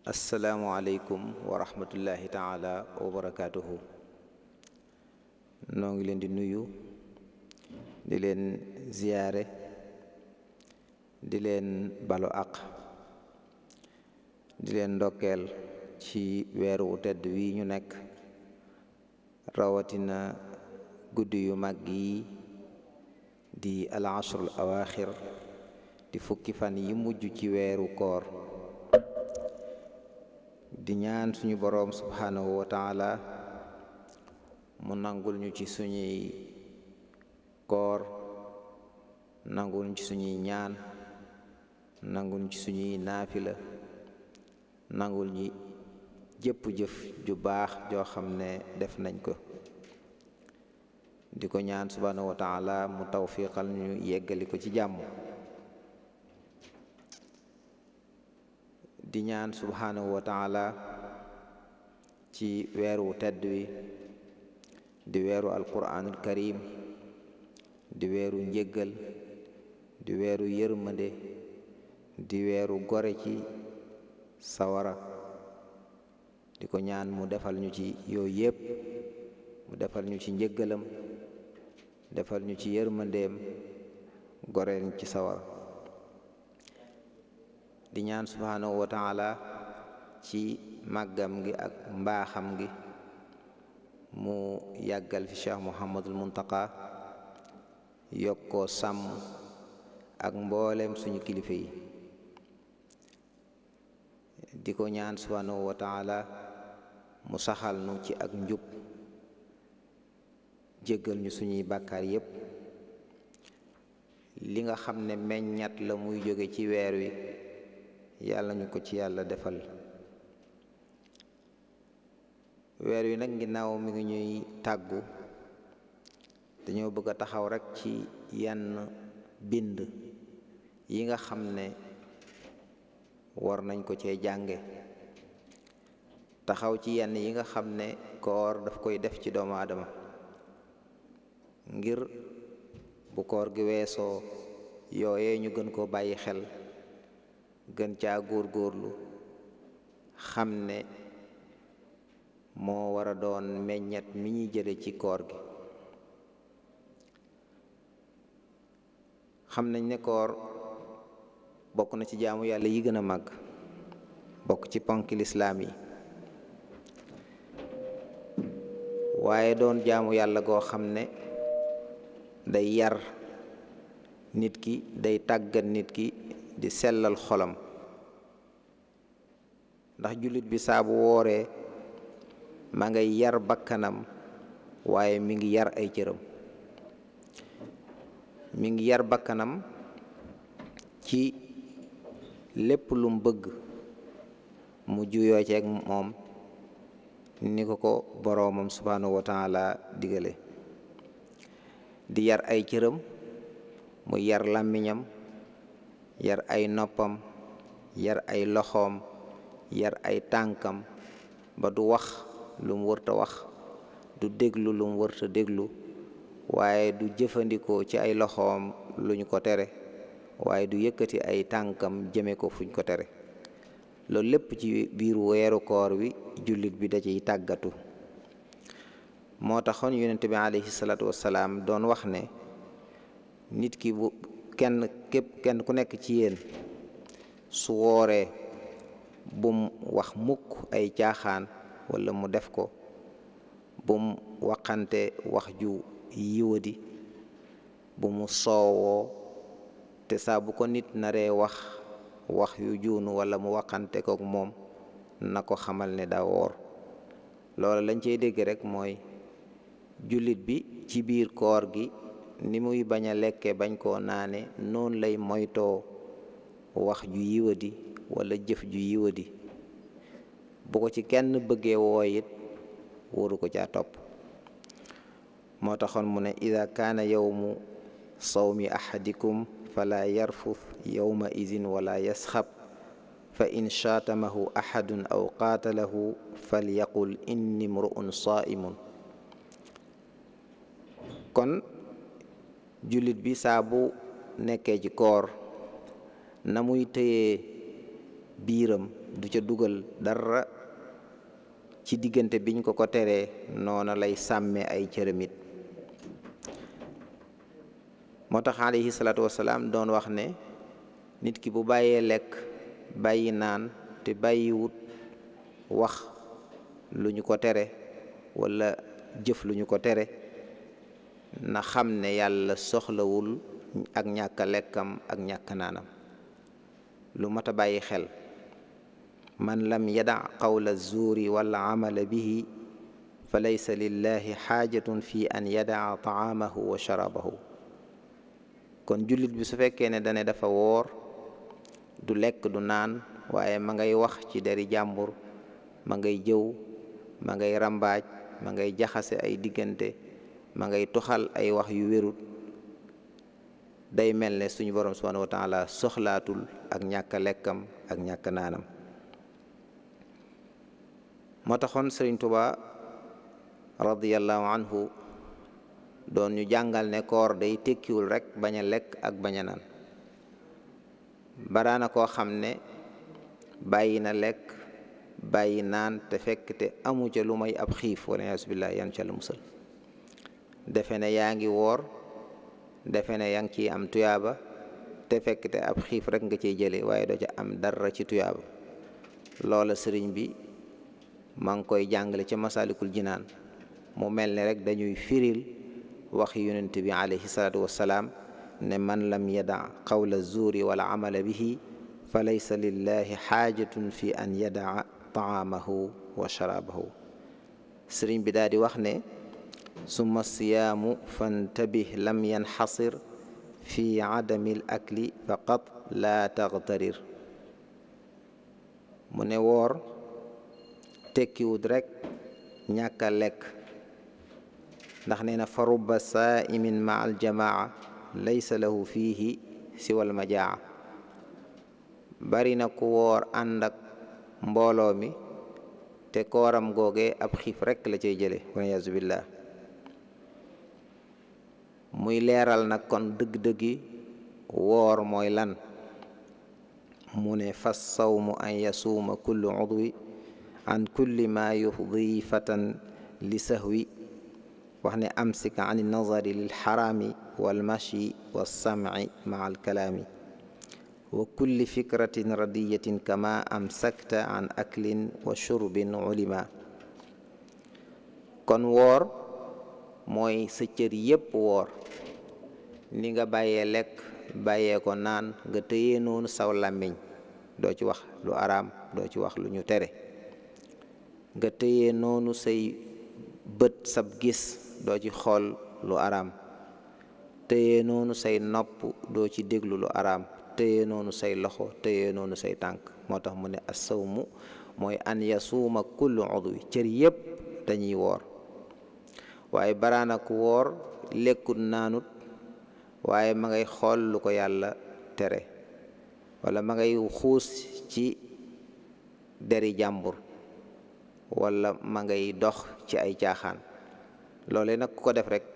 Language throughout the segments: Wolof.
asalaamualeykum wa rahmatullahi taala wa barakaatuhu noo ngi leen di nuyu di leen ziyaare di leen balu àq di leen ndokkeel ci weer wu wi ñu nekk rawatina guddi yu mag yi di al ashrul awaaxir di fukki fan yi mujj ci weeru koor di ñaan suñu boroom subhanahu wa taala mu nangul ñu ci suñuy koor nangul ñu ci suñuy ñaan nangul ñu ci suñuy naafila nangul ñi jëpp jëf ju baax joo xam ne def nañ ko di ko ñaan subhanahu wa taala mu tawfiqal ñu yeggali ko ci jàmm di ñaan subhaanahu wa taala ci weeru tedd wi di weeru alquraanul karim di weeru njëggal di weeru yërmande di weeru gore ci sawara di ko ñaan mu defal ñu ci yooyu yépp mu defal ñu ci njëggalam defal ñu ci yërmandeem gore ñu ci sawara di ñaan subhaanahu wa taala ci màggam gi ak mbaaxam gi mu yàggal fi cheikh muhammadul muntaka yokkoo sàmm ak mbooleem suñu kilifa yi di ko ñaan subhaanahu wa taala mu saxal nu ci ak njub jéggal ñu suñuy bàkkaar yépp li nga xam ne meññat la muy jóge ci weer wi yàlla ñu ko ci yàlla defal weer wi nag ginnaaw mi ngi ñuy tàggu dañoo bëgg a taxaw rekk ci yenn bind yi nga xam ne war nañ ko cee jànge taxaw ci yenn yi nga xam ne koor daf koy def ci doomu aadama ngir bu koor gi weesoo yooyee ñu gën koo bàyyi xel gën caa góorlu xam ne moo war a doon meññet mi ñuy jële ci koor gi xam nañ ne koor bokk na ci jaamu yàlla yi gën a màgg bokk ci ponki lislaam yi waaye doon jaamu yàlla goo xam ne day yar nit ki day tàggat nit ki di sellal xolam ndax jullit bi saabu wooree ma ngay yar bakkanam waaye mi ngi yar ay cëram mi ngi yar bakkanam ci lépp lum bëgg mu juyoo ceeg moom ni ko ko boroomam subhanahu wa taala digale di yar ay cëram mu yar làmmiñam yar ay noppam yar ay loxoom yar ay tànkam ba du wax lu mu wërta wax du déglu lu mu wërta déglu waaye du jëfandikoo ci ay loxoom luñ ko tere waaye du yëkkati ay tànkam jëme ko fuñ ko tere loolu lépp ci biir weeru koor wi jullit bi da ciy tàggatu moo tax yonent bi alayhi salaatu wassalaam doon wax ne nit ki bu kenn képp kenn ku nekk ci yéen su wooree bum wax mukk ay caaxaan walla mu def ko bum waxante wax ju yiwadi bu mu soowoo te saa bu ko nit naree wax wax yu juunu walla mu waxante kook moom na ko xamal ne dawoor woor loola lañ cey dégg rekk mooy jullit bi ci biir koor gi ni muy bañ a lekke bañ koo naane noonu lay moytoo wax ju yiwadi wala jëf ju yiwadi bu ko ci kenn bëggee woo it wóoru ko caa topp moo taxoon mu ne ida kaana yowmu sawmi ahadikum fala yarfuf yowma idin wala yasxab fa in shaatamahu ahadun aw qaatalahu falyaqul inni mru'un saaimun kon jullit bi saabu bu nekkee ci koor na muy tëyee biiram du ca dugal dara ci diggante biñ ko ko teree noona lay sàmme ay cëramit moo tax alayhi salaatu wasalaam doon wax ne nit ki bu bàyyee lekk bàyyi naan te bàyyiwut wax lu ñu ko tere wala jëf lu ñu ko tere na xam ne yàlla soxlawul ak ñàkk lekkam ak ñàkk naanam lu mat a bàyyi xel man lam yada qawla zuuri wal amala bihi fa laysa lillahi xaajatu fi an yadaa taamahu wa sharabahu kon jullit bi su fekkee ne dane dafa woor du lekk du naan waaye ma ngay wax ci deri jàmbur ma ngay jëw ma ngay rambaaj ma ngay jaxase ay diggante ma ngay toxal ay wax yu wérut day mel ne suñu borom subhanahu wa taala soxlaatul ak ñàkk lekkam ak ñàkk naanam moo taxoon Sëriñ Tuba radiyallahu anhu doon ñu jàngal ne koor day tekkiwul rekk bañ a lekk ak bañ a naan baraana koo xam ne bàyyi na lekk bàyyi naan te fekk te amu ca lu may ab xiif wala yaasu billaah yan ca defe ne yaa ngi woor defe ne yaa ngi ci am tuyaaba te fekk te ab xiif rek nga ciy jële waaye doo ca am dara ci tuyaaba loola sëriñ bi maa ngi koy jàngale ca masalikul jinaan mu mel ne rek dañuy firil waxi yonent bi alayhi salaatu wassalaam ne man lam yada qawla zuuri wala amala bihi fa laysa lillahi xaajatun fi an yadaa taamahu wa sharaabahu sëriñ bi daal di wax ne summa siyaamu fantabih lam yanxasir fi adami l akli faqat laa taxtarir mu ne woor tekkiwut rek ñàkk lekk ndax nee na fa ruba saaimin ma al jamaa laysa fiihi siwal majaa bari na ku woor ànd ak mbooloo mi te kooram googe ab xiif rekk la cay jële waliyaasu billaah muy leeral nag kon dëgg-dëggi woor mooy lan mu ne fas sawmu an yasuuma kullu udwi an kulli ma yuxdi fatan li sahwi wax ne amsika an nazari lil xaraami wal mashi wa samci maa alkalaami wa kulli fikratin radiyatin kama amsakta an aklin wa shurbin ulima kon woor mooy sa cër yépp woor li nga bàyyee lekk bàyyee ko naan nga tëyee noonu saw làmmiñ doo ci wax lu araam doo ci wax lu ñu tere nga téye noonu say bët sab gis doo ci xool lu araam téye noonu say nopp doo ci déglu lu araam téye noonu say loxo téye noonu say tànk moo tax mu ne assawmu mooy an yasuuma kullu udwi cër yépp dañuy woor waaye baraana woor lekkut naanut waaye ma ngay xool lu ko yàlla tere wala ma ngay xuus ci deri jàmbur wala ma ngay dox ci ay caaxaan loolee nag ku ko def rek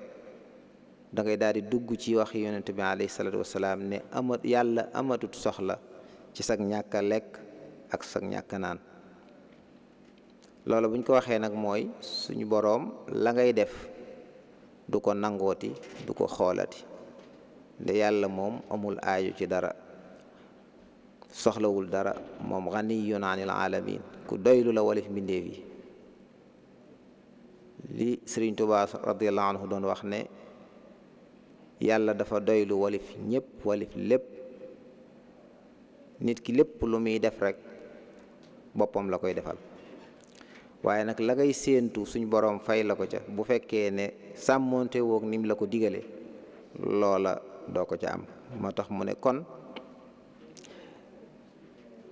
dangay daldi dugg ci wax yonent bi alayhi salaatu wasalaam ne amat yàlla amatut soxla ci sag ñàkk lekk ak sag ñàkk a naan loolu buñ ko waxee nag mooy suñu boroom la ngay def du ko nangooti du ko xoolati de yàlla moom amul aayu ci dara soxlawul dara moom ganiyun anil alamin ku doylu la walif mbindéef yi li sëriñ Tuubaa radiyallahu anhu doon wax ne yàlla dafa doylu walif ñépp walif lépp nit ki lépp lu muy def rekk boppam la koy defal waaye nag la koy séentu suñ boroom fay la ko ca bu fekkee ne sàmmoonte woog nim la ko digale loola doo ko ca am moo tax mu ne kon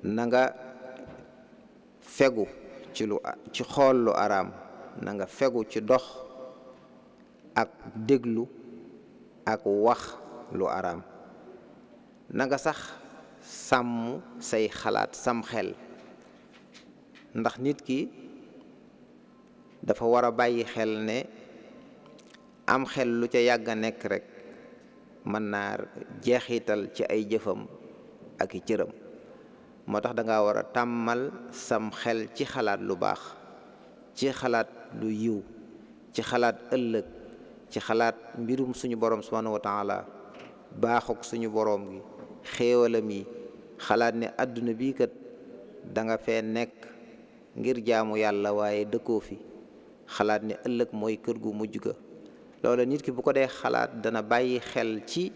na nga fegu ci lu ci xool lu araam nanga nga fegu ci dox ak déglu ak wax lu araam na nga sax sàmm say xalaat sam xel ndax nit ki dafa war a bàyyi xel ne am xel lu ca yàgg a nekk rekk mën naa jeexital ci ay jëfam ak i cëram moo tax da ngaa war a tàmmal sam xel ci xalaat lu baax ci xalaat lu yiw ci xalaat ëllëg ci xalaat mbirum suñu borom subhanahu wa taala baaxuk suñu boroom gi xéewalam yi xalaat ni àdduna bii kat danga nga nekk ngir jaamu yàlla waaye dëkkoo fi xalaat ni ëllëg mooy kër gu mujj ga loola nit ki bu ko dee xalaat dana bàyyi xel ci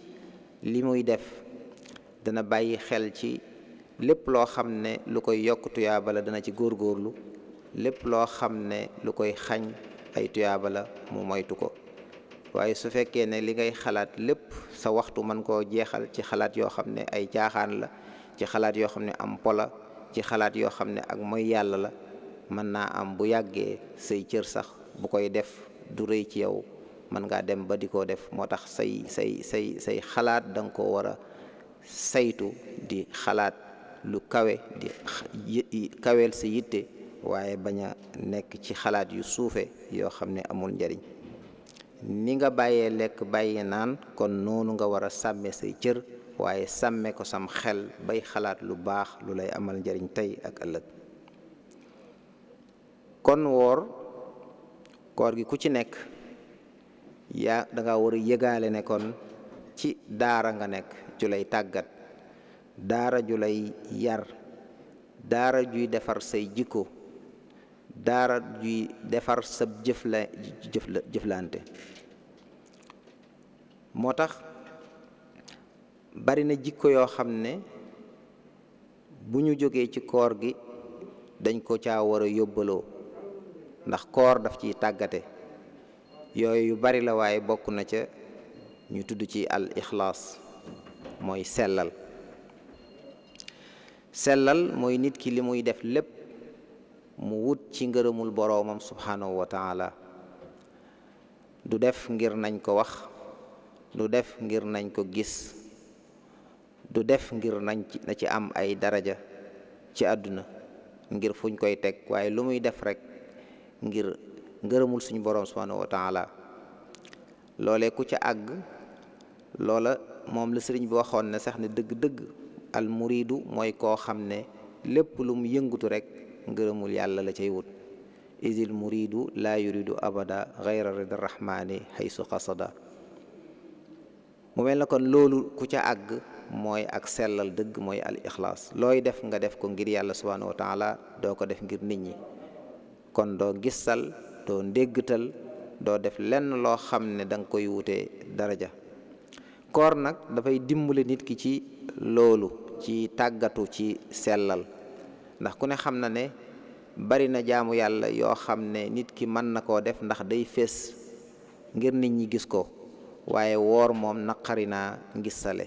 li muy def dana bàyyi xel ci lépp loo xam ne lu koy yokk tuyaaba la dana ci góorgóorlu lépp loo xam ne lu koy xañ ay tuyaaba la mu moytu ko waaye su fekkee ne li ngay xalaat lépp sa waxtu mën koo jeexal ci xalaat yoo xam ne ay caaxaan la ci xalaat yoo xam ne am pola ci xalaat yoo xam ne ak mooy yàlla la mën naa am bu yàggee say cër sax bu koy def du rëy ci yow mën ngaa dem ba di ko def moo tax say say say say xalaat danga nga koo war a saytu di xalaat lu kawe di kaweel sa yitte waaye bañ a nekk ci xalaat yu suufe yoo xam ne amul njariñ ni nga bàyyee lekk bàyyi naan kon noonu nga war a sàmme say cër waaye sàmme ko sam xel bay xalaat lu baax lu lay amal njariñ tey ak ëllëg kon woor koor gi ku ci nekk yaa danga war a yëgaale ne kon ci daara nga nekk ju lay tàggat daara ju lay yar daara juy defar say jikko daara juy defar sab jëfla jëflante moo tax bari na jikko yoo xam ne bu ñu jógee ci koor gi dañ ko caa war yóbbaloo ndax koor daf ciy tàggate yooyu yu bari la waaye bokk na ca ñu tudd ci al ixlaas mooy sellal sellal mooy nit ki li muy def lépp mu wut ci ngërëmul boroomam subhanahu wa du def ngir nañ ko wax du def ngir nañ ko gis du def ngir nañ ci ci am ay daraja ci àdduna ngir fuñ koy teg waaye lu muy def rekk ngir ngërëmul suñu borom subhanahu wa taala loolee ku ca àgg loola moom la sëriñ bi waxoon ne sax ne dëgg-dëgg al muridu mooy koo xam ne lépp lu mu yëngutu rek ngërëmul yàlla la cay wut isil muriidu laa yuridu abada xayra rida rahmaani xaysu xasada mu mel na kon loolu ku ca àgg mooy ak sellal dëgg mooy al ixlaas looy def nga def ko ngir yàlla subhaanahu wa taala doo ko def ngir nit ñi kon doo gissal doo ndéggtal doo def lenn loo xam ne danga koy wutee daraja koor nag dafay dimbale nit ki ci loolu ci tàggatu ci sellal ndax ku ne xam na ne bari na jaamu yàlla yoo xam ne nit ki mën na koo def ndax day fees ngir nit ñi gis ko waaye woor moom naqari naa ngisale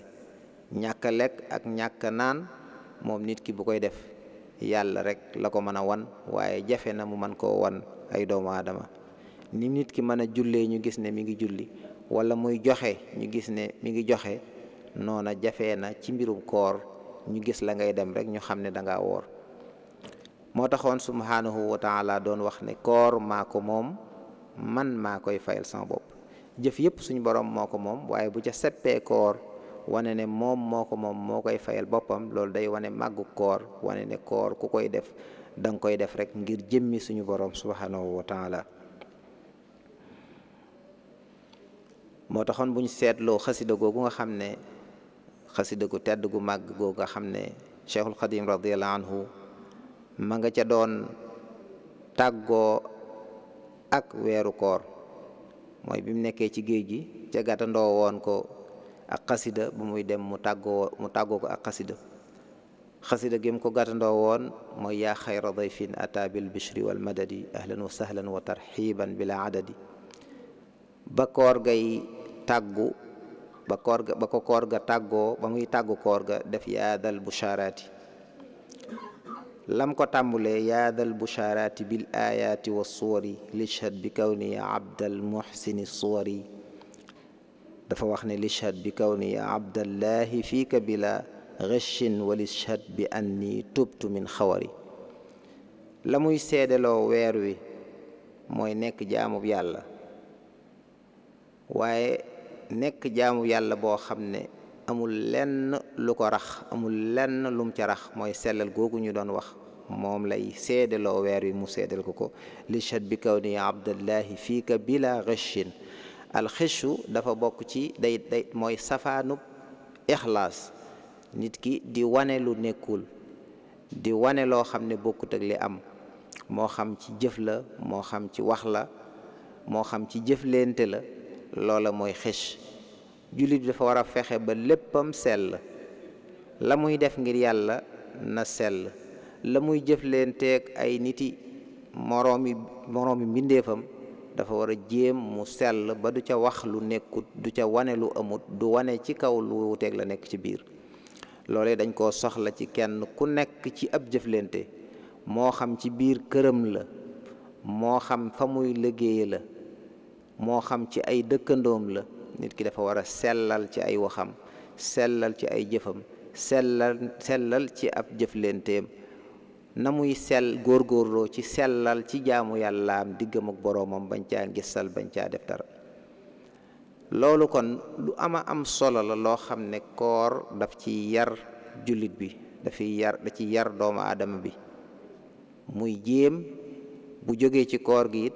ñàkk lekk ak ñàkk naan moom nit ki bu koy def yàlla rek la ko mën a wan waaye jafe na mu man koo wan ay doomu aadama ni nit ki mën a jullee ñu gis ne mi ngi julli wala muy joxe ñu gis ne mi ngi joxe noona jafe na ci mbirum koor ñu gis la ngay dem rek ñu xam ne danga ngaa woor moo taxoon subhaanahu wa taala doon wax ne koor maa ko moom man maa koy fayal sama bopp jëf yëpp suñu boroom moo ko moom bu ca seppee wane ne moom koy fayal boppam loolu day wane màggu koor wane ne koor ku koy def da koy def rek ngir jëmmi suñu borom subhaanahu wa taala moo taxoon bu seetloo xasida googu nga xam ne xasida gu tedd gu màgg goo nga xam ne cheikhul xadim radiallahu anhu ma nga ca doon tàggoo ak weeru koor mooy bi mu nekkee ci géej gi ca gàttandoo woon ko ak xasida bu muy dem mu tàggoo mu tàggoo ko ak xasida xasida gi mu ko gàttandoo woon mooy yaa xayra dayfin ata bil bishri wal madadi ahlan wa sahlan wa tarxiban bila adadi ba koor gay tàggu ba ga ko koor ga tàggoo ba muy tàggu koor ga def yaadal bushaaraati lam ko tàmbulee yaadal bushaaraati bil aayaati wa suwari lishhad bi kawni abdal dafa wax ne lishhad bi kawni abdallahi fiika bila ghashin wa lishhad bi anni tubtu min xawari la muy seedeloo weer wi mooy nekk jaamub yàlla waaye nekk jaamu yàlla boo xam ne amul lenn lu ko rax amul lenn lum ca rax mooy sellal googu ñu doon wax moom lay seedaloo weer wi mu seedal ko ko li chat bi kaw ni abdallahi fii ka bila xëchin alxëchu dafa bokk ci day day mooy safaanub ixlaas nit ki di wane lu nekkul di wane loo xam ne bokkut ak li am moo xam ci jëf la moo xam ci wax la moo xam ci jëflente la loola mooy xich jullit bi dafa war a fexe ba léppam sell la muy def ngir yàlla na sell la muy jëflenteeg ay niti moroomi moroomi mbindeefam dafa war a jéem mu sell ba du ca wax lu nekkut du ca wane lu amut du wane ci kaw lu la nekk ci biir loole dañ koo soxla ci kenn ku nekk ci ab jëflente moo xam ci biir këram la moo xam fa muy liggéeye la moo xam ci ay dëkkandoom la nit ki dafa war a sellal ci ay waxam sellal ci ay jëfam sellal sellal ci ab jëflenteem na muy sell góorgóorloo ci sellal ci jaamu yàllaam diggam ak boroomam bañ caa gisal bañ caa def dara loolu kon lu am a am solo la loo xam ne koor daf ci yar jullit bi dafiy yar da ci yar doomu aadama bi muy jéem bu jóge ci koor gi it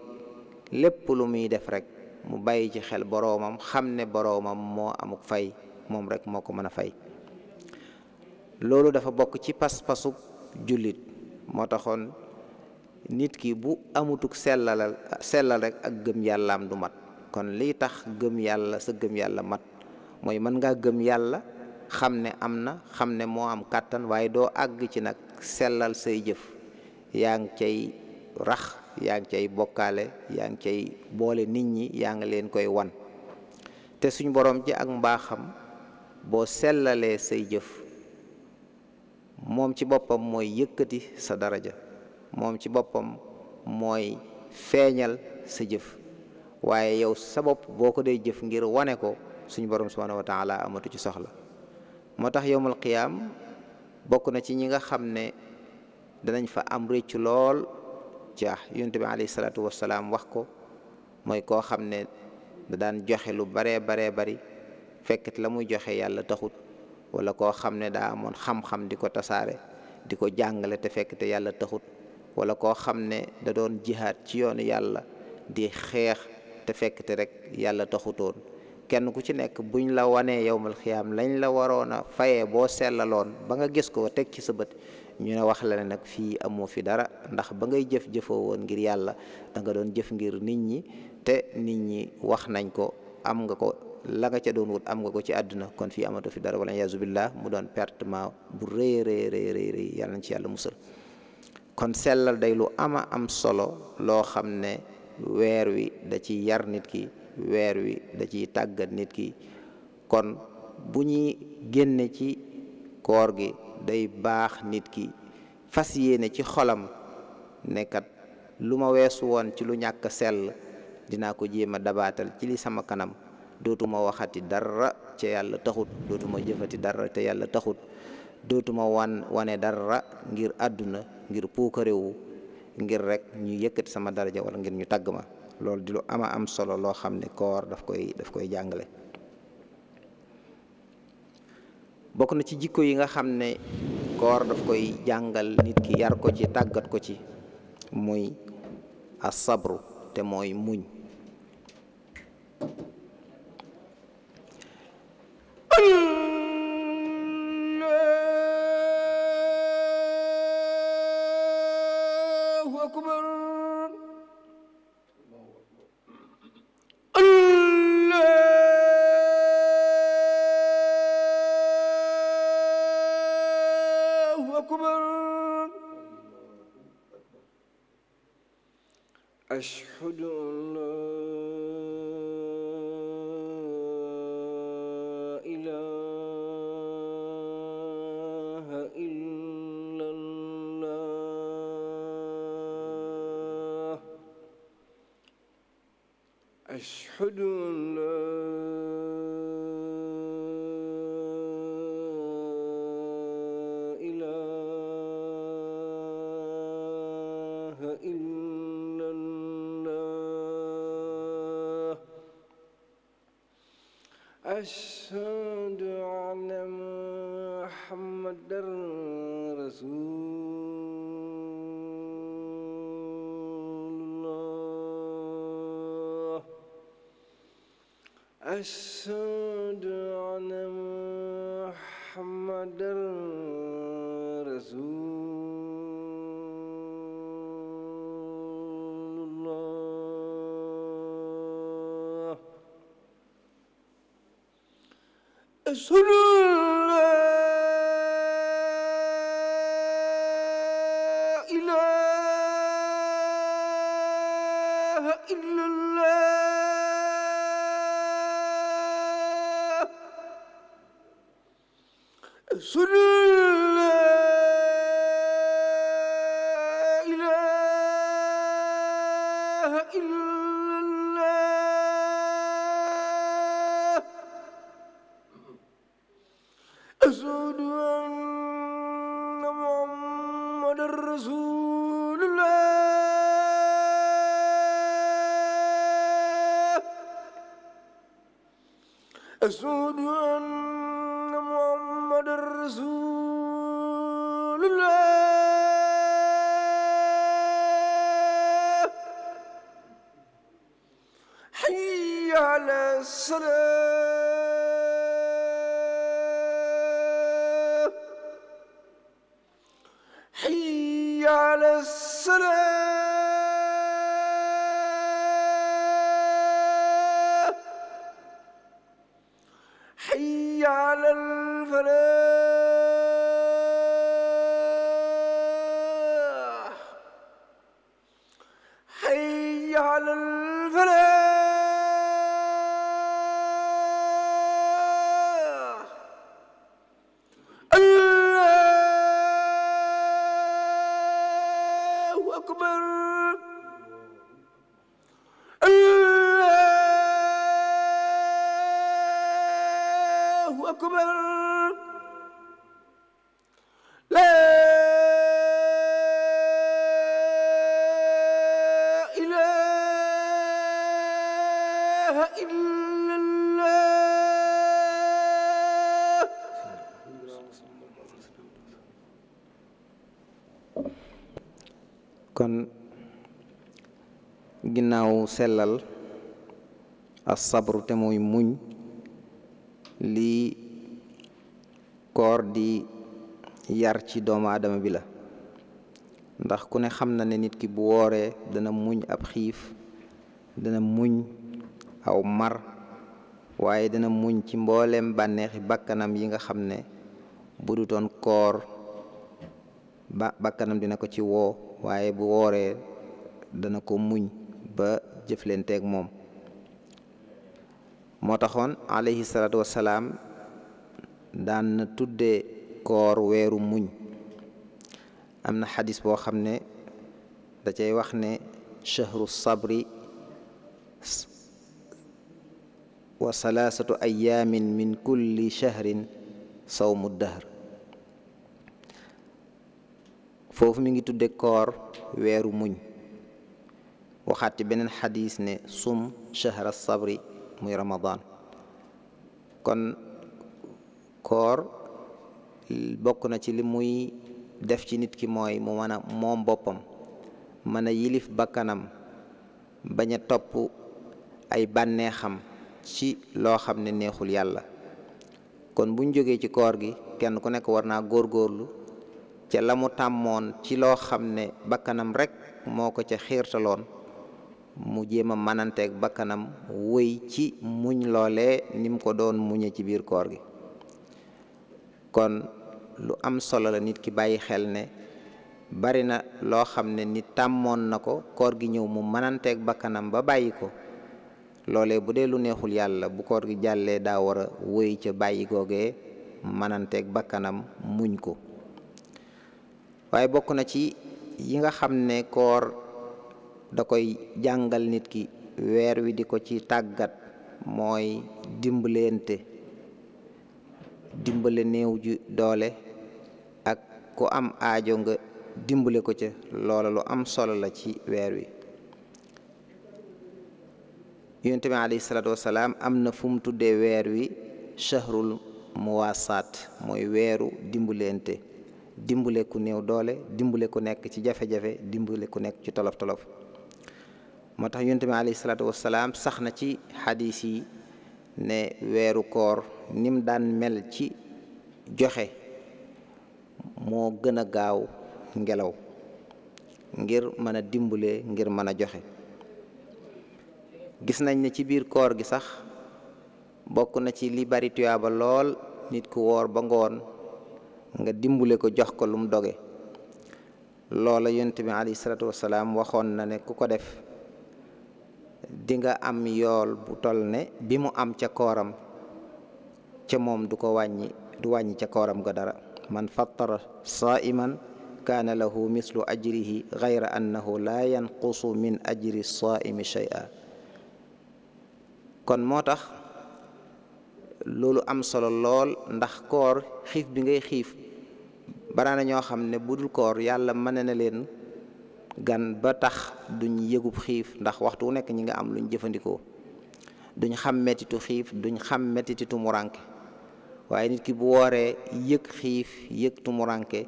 lépp lu muy def rekk mu bàyyi ci xel boroomam xam ne boroomam moo amuk fay moom rek moo ko mën a fay loolu dafa bokk ci pas-pasub jullit moo taxoon nit ki bu amutuk sellalal sellal rek ak gëm yàllaam du mat kon lii tax gëm yàlla sa gëm yàlla mat mooy mën ngaa gëm yàlla xam ne am na xam ne moo am kàttan waaye doo àgg ci nag sellal say jëf yaa ngi cay rax yaa ngi cay bokkaale yaa ngi cay boole nit ñi yaa ngi leen koy wan te suñ boroom ci ak mbaaxam boo sellalee say jëf moom ci boppam mooy yëkkati sa daraja moom ci boppam mooy feeñal sa jëf waaye yow sa bopp boo ko dee jëf ngir wane ko suñ borom subhanahu wa laa amatu ci soxla moo tax yowmal qiyaam bokk na ci ñi nga xam ne danañ fa am rëccu lool jaax yonent bi alayhi salaatu wasalaam wax ko mooy koo xam ne da daan joxe lu baree baree bari fekkit la muy joxe yàlla taxut wala koo xam ne daa amoon xam di ko tasaare di ko jàngale te fekkite yàlla taxut wala koo xam ne da doon jihaad ci yoon yàlla di xeex te fekkite rek yàlla taxutoon kenn ku ci nekk buñ la wanee yowmal xiyaam lañ la waroon a fayee boo sellaloon ba nga gis ko teg ci sa bët ñu ne wax la ne nag fii amoo fi dara ndax ba ngay jëf jëfoo woon ngir yàlla danga doon jëf ngir nit ñi te nit ñi wax nañ ko am nga ko la nga ca doon wut am nga ko ci àdduna kon fii amato fi dara wala yaasu billah mu doon pertement bu rëy rëy rëy yàlla nañ ci yàlla musal kon sellal day lu ama am solo loo xam ne weer wi da ci yar nit ki weer wi da ciy tàggat nit ki kon bu ñuy génne ci koor gi day baax nit ki fas yéene ci xolam nekkat lu ma weesu woon ci lu ñàkk sell dinaa ko jéem a dabaatal ci li sama kanam dootuma waxati dara ca yàlla taxut dootuma jëfati dara te yàlla taxut dootuma wan wane dara ngir àdduna ngir puukarewu ngir rek ñu yëkkati sama daraja wala ngir ñu tàgg ma loolu di lu ama am solo loo xam ne koor daf koy daf koy jàngale bokk na ci jikko yi nga xam ne koor daf koy jàngal nit ki yar ko ci tàggat ko ci muy asabru te mooy muñ أشهد أن إلا الله kon ginnaaw sellal as sabru te muy muñ lii koor di yar ci doomu aadama bi la ndax ku ne xam na ne nit ki bu wooree dana muñ ab xiif dana muñ aw mar waaye dina muñ ci mbooleem bànneexi bakkanam yi nga xam ne bu doon koor ba bakkanam dina ko ci woo waaye bu wooree dana ko muñ ba jëflenteeg moom moo taxoon alayhi salaatu wasalaam daan na tuddee koor weeru muñ am na xadis boo xam ne da cay wax ne chahru sabri wa salaasatu ayaamin min kulli shahrin sawmu dahr foofu mu ngi tudde koor weeru muñ waxaat ci beneen xadis ne sum shahra sabri muy ramadaan kon koor bokk na ci li muy def ci nit ki mooy mu mën moom boppam mën yilif bakkanam baña topp ay bànneexam ci loo xam ne neexul yàlla kon buñ jógee ci koor gi kenn ku nekk war naa góorgóorlu ca la mu tàmmoon ci loo xam ne bakkanam rekk moo ko ca xiirtaloon mu jéem a mananteeg bakkanam wëy ci muñ loole ni mu ko doon muñe ci biir koor gi kon lu am solo la nit ki bàyyi xel ne bari na loo xam ne nit tàmmoon na ko koor gi ñëw mu mananteeg bakkanam ba bàyyi ko loole bu dee lu neexul yàlla bu koor gi jàllee daa wara woy ca bàyyi googee mananteeg bakkanam muñ ko waaye bokk na ci yi nga xam ne koor da koy jàngal nit ki weer wi di ko ci tàggat mooy dimbalente dimbale néew ji doole ak ku am aajo nga dimbale ko ca loola lu am solo la ci weer wi yonent bi alayhi salaatu wasalaam am na fu mu tuddee weer wi chahrul muwaasaat mooy weeru dimbalente dimbale ku néew doole dimbale ku nekk ci jafe-jafe dimbale ku nekk ci tolof-tolof moo tax yonent bi alayhi salaatu wasalaam sax na ci xadiis yi ne weeru koor nim daan mel ci joxe moo gën a gaaw ngelaw ngir mën a dimbale ngir mën a joxe gis nañ ne ci biir koor gi sax bokk na ci li bari tuyaaba lool nit ku woor ba ngoon nga dimbule ko jox ko lu mu doge loola yonent bi alayhi salaatu wasalaam waxoon na ne ku ko def di nga am yool bu toll ne bi mu am ca kooram ca moom du ko wàññi du wàññi ca kooram ga dara man fattara saa'iman kaana lahu mislu ajrihi gayra annahu laa yanqusu min ajri saa'imi shay'a kon moo tax loolu am solo lool ndax koor xiif bi ngay xiif bara ñoo xam ne bu dul koor yàlla mën na leen gan ba tax duñ yëgub xiif ndax waxtu wu nekk ñi nga am luñ jëfandikoo duñ xam mettitu xiif duñ xam mettitu tumuranke waaye nit ki bu wooree yëg xiif yëg tumuranke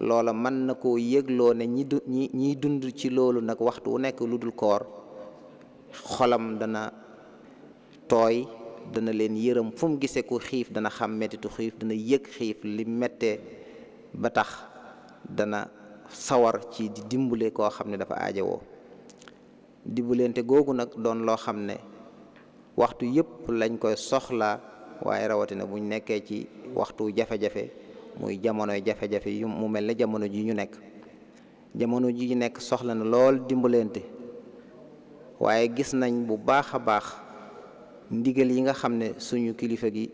loola mën na koo yëgloo ne ñi du ñiy dund ci loolu nag waxtu wu nekk lu dul koor xolam dana tooy dana leen yërëm fu mu gisee ku xiif dana xam mettitu xiif dana yëg xiif li mettee ba tax dana sawar ci di dimbale koo xam ne dafa aajowoo dimbalante googu nag doon loo xam ne waxtu yépp lañ koy soxla waaye rawatina buñ nekkee ci waxtu jafe-jafe muy jamonoy jafe-jafe yu mu mel ne jamono ji ñu nekk jamono ji ñu nekk soxla na lool dimbalante waaye gis nañ bu baax a baax ndigal yi nga xam ne suñu kilifa gi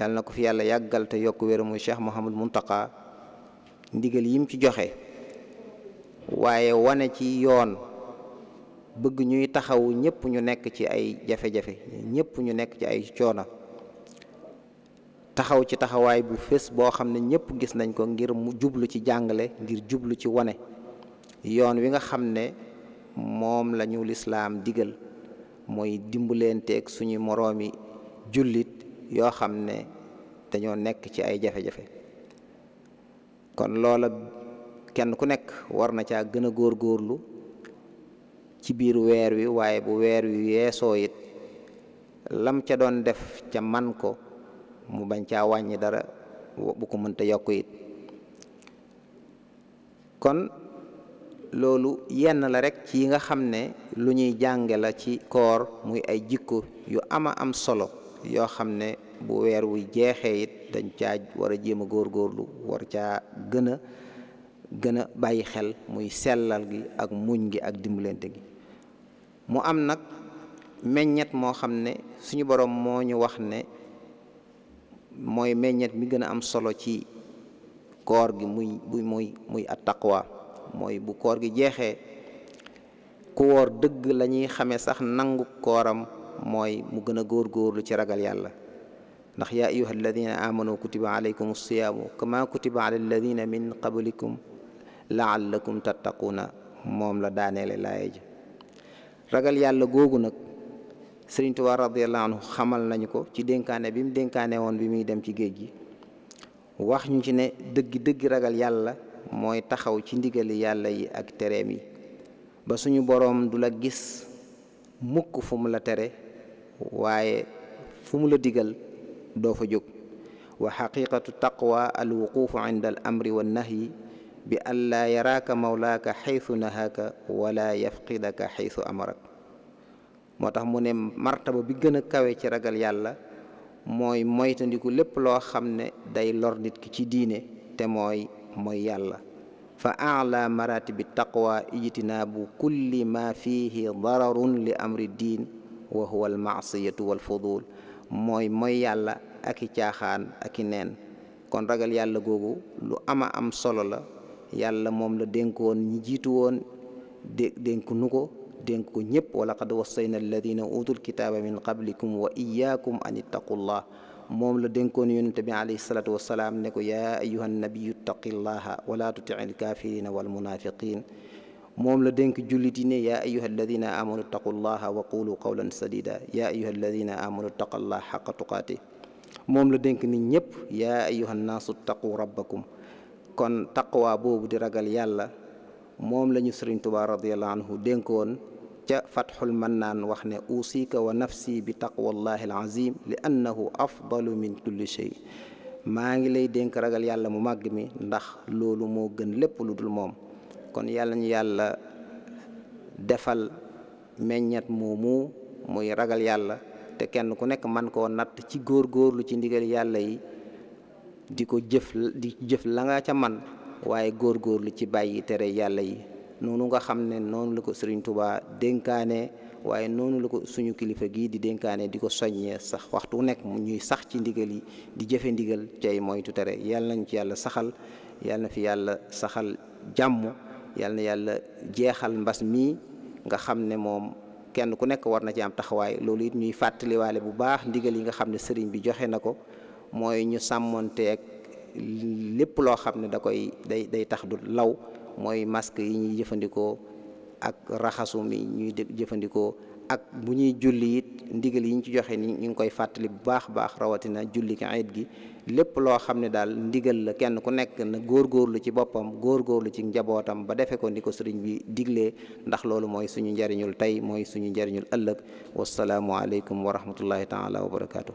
yal na ko fi yàlla yàggal te yokk wér muy Cheikh Mouhamadou Mountakha ndigal yim ci joxe waaye wane ci yoon bëgg ñuy taxawu ñëpp ñu nekk ci ay jafe-jafe ñëpp ñu nekk ci ay coona taxaw ci taxawaay bu fés boo xam ne ñëpp gis nañ ko ngir mu jublu ci jàngale ngir jublu ci wane yoon wi nga xam ne moom lañu lislaam digal mooy dimbaleenteeg suñu moroomi jullit yoo xam ne dañoo nekk ci ay jafe-jafe kon loola kenn ku nekk war na caa gëna góor góorlu ci biir weer wi waaye bu weer wi yeesoo it lam ca doon def ca man ko mu bañ caa wàññi dara bu ko mënta yokk it kon loolu yenn la rekk ci yi nga xam ne lu ñuy jànge la ci koor muy ay jikko yu ama am solo yoo xam ne bu weer wuy jeexee it dañ caa war a jéem a góorlu war caa gën a gën a bàyyi xel muy sellal gi ak muñ gi ak dimbalante gi mu am nag meññet moo xam ne suñu boroom moo ñu wax ne mooy meññet mi gën a am solo ci koor gi muy muy muy muy at taqwa mooy bu koor gi jeexee ku woor dëgg la ñuy xamee sax nangu kooram mooy mu gën a góor góorgóorlu ci ragal yàlla ndax yaa ayuha alladina amanu kutiba alaykum alsiyaamu kama kutiba ala alladina min qablikum laallakum tattaquuna moom la daaneele laaya ji ragal yàlla googu nag Sëriñ Tuubaa radiyallahu anhu xamal nañu ko ci dénkaane bi mu dénkaane woon bi muy dem ci géej gi wax ñu ci ne dëgg dëgg ragal yàlla mooy taxaw ci ndigal yàlla yi ak tereem yi ba suñu boroom du la gis mukk fu mu la tere waaye fu mu la digal doo fa jóg wa xaqiqatu taqwa alwuquufu inda al amri wa nahyi bi an laa yaraaka mawlaaka xaytu nahaaka wala yafqidaka xaytu amarak moo tax mu ne martaba bi gën a kawe ci ragal yàlla mooy moytandiku lépp loo xam ne day lor nit ki ci diine te mooy mooy yàlla fa ala maratibi taqwa ijtinaabu kulli ma fihi dararun li amri diin wa huwa almaasiyatu walfudul mooy mooy yàlla ak i caaxaan ak i neen kon ragal yàlla googu lu ama am solo la yàlla moom la dénkoon ñi jiitu woon dé dénk nu ko dénk ko ñëpp wa laqad wassayna alladina utul kitaaba min qablikum wa iyaakum an ittaqullah moom la dénkoon yonente bi alayhi salaatu wasalaam ne ko yaa ayuha nabiyu taqillaha wala tutiil kafirina wal munafiqin moom la dénk jullit yi ne yaa ayuha alladina amanu taqullaha wa qulu qawlan sadida yaa ayuha alladina amanu taqallaha xaqa tuqaati moom la dénk nit ñépp yaa ayuha naasu taqu rabbakum kon taqwa boobu di ragal yàlla moom la ñu sëriñ Tuubaa radiallahu anhu dénkoon ca fatxul naan wax ne usika wa nafsi bi taqwallahi alazim li annahu afdalu min kulli shay maa ngi lay dénk ragal yàlla mu màgg mi ndax loolu moo gën lépp lu dul moom kon yàlla ñu yàlla defal meññat moomu muy ragal yàlla te kenn ku nekk man koo natt ci góor góorgóorlu ci ndigal yàlla yi di ko jëf di jëf la nga ca man waaye góor góorgóorlu ci bàyyi tere yàlla yi noonu nga xam ne noonu la ko Serigne Touba dénkaane waaye noonu la ko suñu kilifa gii di dénkaane di ko soññee sax waxtu nekk ñuy sax ci ndigal yi di jëfe ndigal cay moytu tere yàlla nañ ci yàlla saxal yàlla na fi yàlla saxal jàmm yàlla na yàlla jeexal mbas mii nga xam ne moom kenn ku nekk war na ci am taxawaay loolu it ñuy fàttaliwaale bu baax ndigal yi nga xam ne sëriñ bi joxe na ko mooy ñu sàmmonteeg lépp loo xam ne da koy day day tax du law mooy masque yi ñuy jëfandikoo ak raxasu mi ñuy jëfandikoo ak bu ñuy julli it ndigal yi ñu ci joxe ni ñu ngi koy fàttali bu baax baax rawatina julli ki gi lépp loo xam ne daal ndigal la kenn ku nekk na góor góorgóorlu ci boppam góor góorgóorlu ci njabootam ba defe ko ni ko sëriñ bi digle ndax loolu mooy suñu njariñul tey mooy suñu njariñul ëllëg wasalaamu aleykum wa rahmatullahi taala wa barakaatu.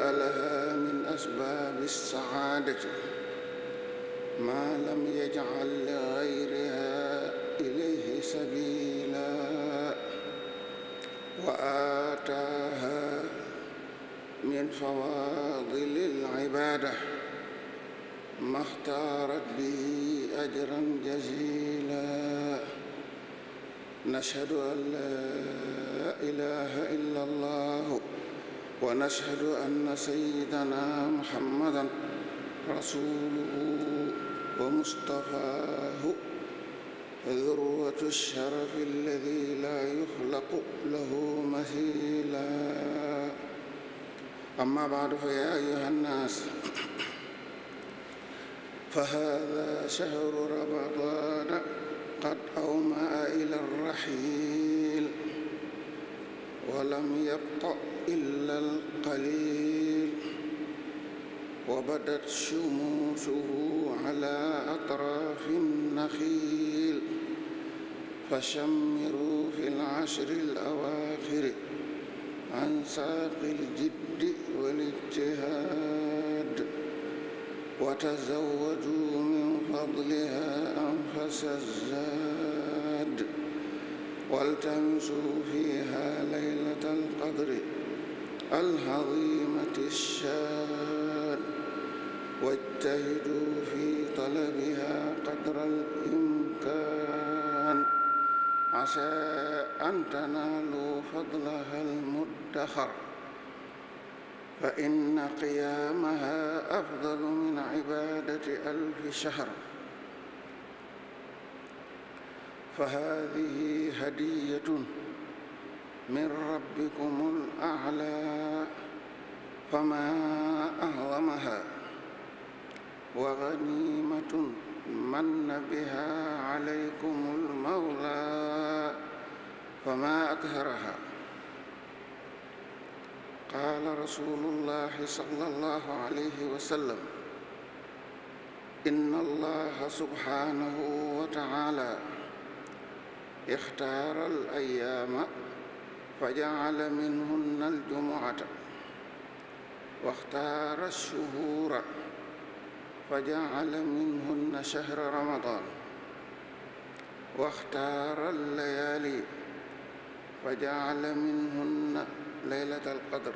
لها من أسباب السعادة ما لم يجعل لغيرها إليه سبيلا وآتاها من فواضل العبادة ما اختارت به أجرا جزيلا نشهد أن لا إله إلا الله ونشهد أن سيدنا محمدا رسوله ومصطفاه ذروة الشرف الذي لا يخلق له مثيلا أما بعد فيا أيها الناس فهذا شهر رمضان قد أومأ إلى الرحيل ولم يبق إلا القليل وبدت شموسه على أطراف النخيل فشمروا في العشر الأواخر عن ساق الجد والاجتهاد وتزوجوا من فضلها أنفس الزاد والتمسوا فيها ليلة القدر العظيمة الشان واجتهدوا في طلبها قدر الإمكان عسى أن تنالوا فضلها المدخر فإن قيامها أفضل من عبادة ألف شهر فهذه هدية min rabbikumul a'laa famaa a'zamahaa wa ganiimatun manna bihaa alaykumul mawlaa famaa aktharahaa qaala rasuulullaahi sallallaahu alayhi wa sallam inna Allaaha subhaanahu wa ta'aalaa ikhtaaral ayyaama فجعل منهن الجمعة واختار الشهور فجعل منهن شهر رمضان واختار الليالي فجعل منهن ليلة القدر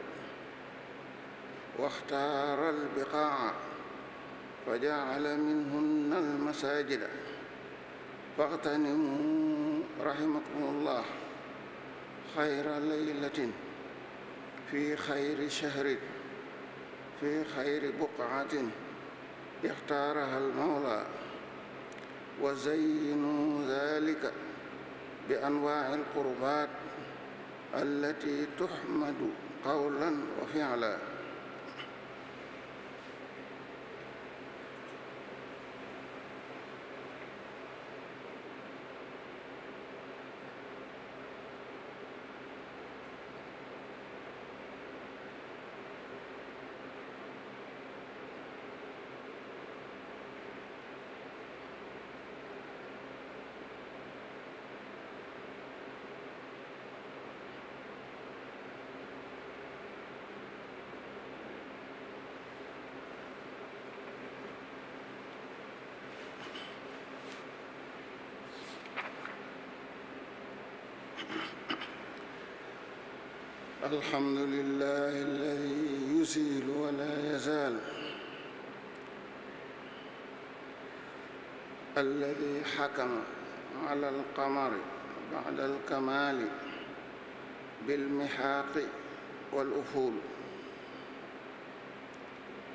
واختار البقاع فجعل منهن المساجد فاغتنموا رحمكم الله xayra laylatin fi xayri shahrin fi xayri buqaatin ixtaaraha almawla wa zayyinuu dalika bi anwaaci alqurbaat allati tuxmadu qawlan wa ficlan الحمد لله الذي يزيل ولا يزال الذي حكم على القمر بعد الكمال بالمحاق والأفول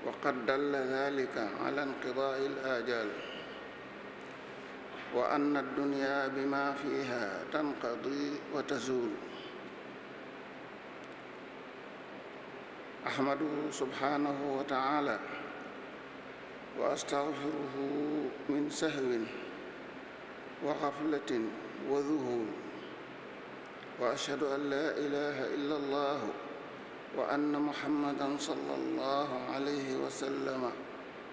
وقد دل ذلك على انقضاء الآجال وأن الدنيا بما فيها تنقضي وتزول أحمده سبحانه وتعالى وأستغفره من سهو وغفلة وذهول وأشهد أن لا إله إلا الله وأن محمدا صلى الله عليه وسلم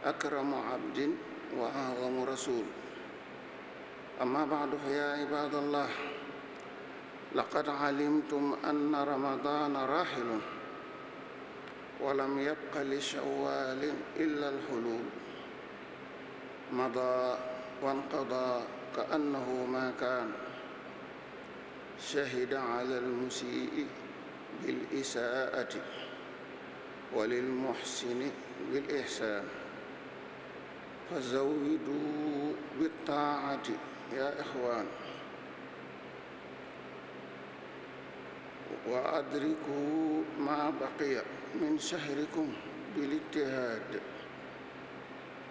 أكرم عبد وأعظم رسول أما بعد فيا عباد الله لقد علمتم أن رمضان راحل ولم يبق لشوال إلا الحلول مضى وانقضى كأنه ما كان شهد على المسيء بالإساءة وللمحسن بالإحسان فزودوا بالطاعة يا إخوان wa adriku ma baqiya min shahrikum bilittihaad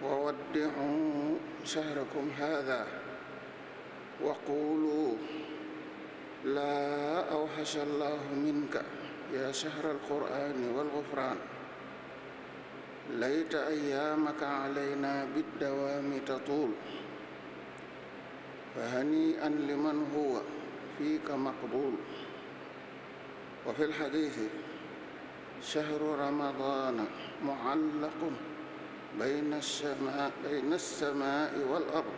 wa waddi'u shahrakum haadha wa qulu laa awxasha allahu minka yaa shahral qur'aani wal ghufraan layta ayyaamaka alaynaa biddawaami tatuul fa hanii'an liman huwa fiika maqbuul وفي الحديث شهر رمضان معلق بين السماء, بين السماء والأرض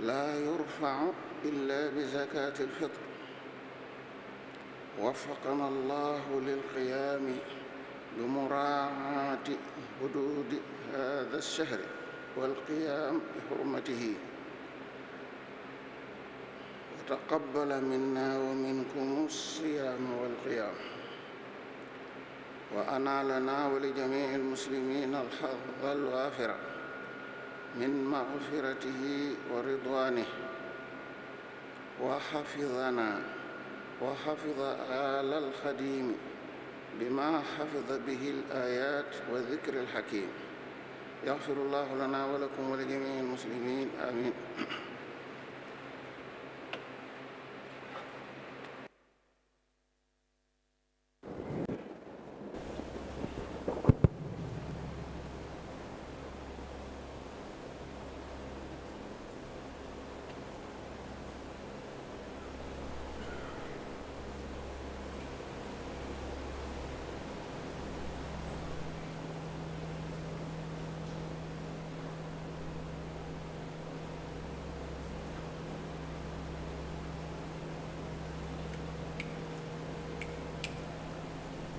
لا يرفع إلا بزكاة الفطر وفقنا الله للقيام بمراعاة حدود هذا الشهر والقيام بحرمته تقبل منا ومنكم الصيام والقيام وأنا لنا ولجميع المسلمين الحظ الوافر من مغفرته ورضوانه وحفظنا وحفظ آل الخديم بما حفظ به الآيات والذكر الحكيم يغفر الله لنا ولكم ولجميع المسلمين آمين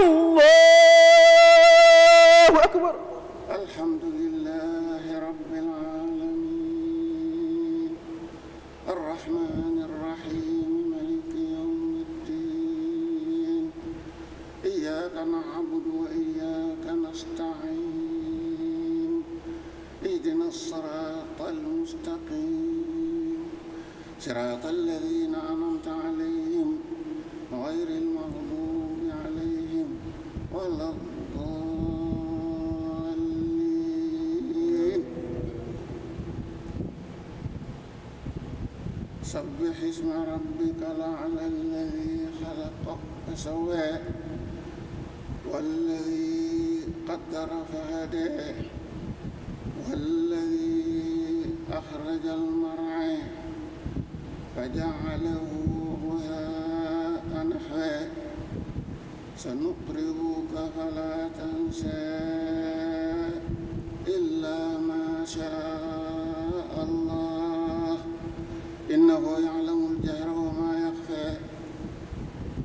Allah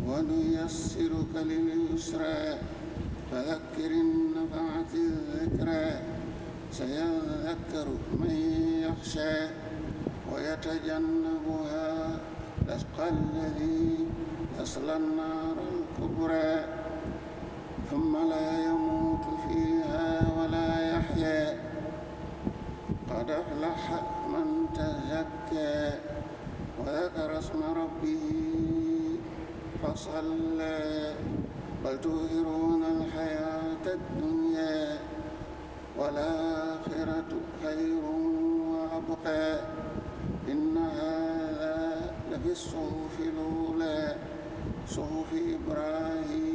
ونيسرك لليسرى فذكر النفعة الذكرى سيذكر من يخشى ويتجنبها الأشقى الذي يصلى النار الكبرى ثم لا يموت فيها ولا يحيا قد أفلح من تزكى وذكر اسم ربه فصلى وتؤثرون الحياة الدنيا والآخرة خير وأبقى إن هذا لفي الصحف الأولى صحف إبراهيم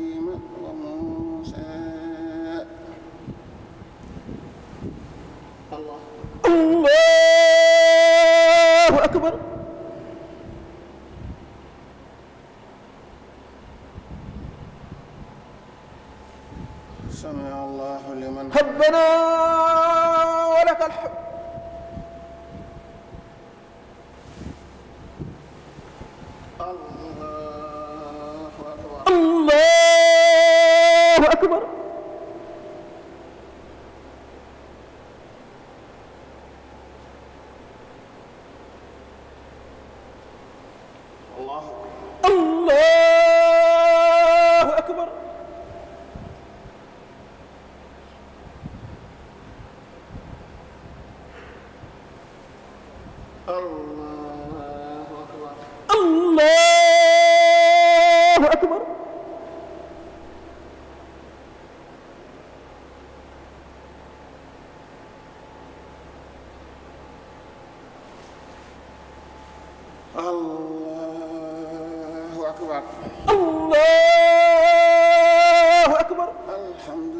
allahu akbar allahu akbar alhamdulillah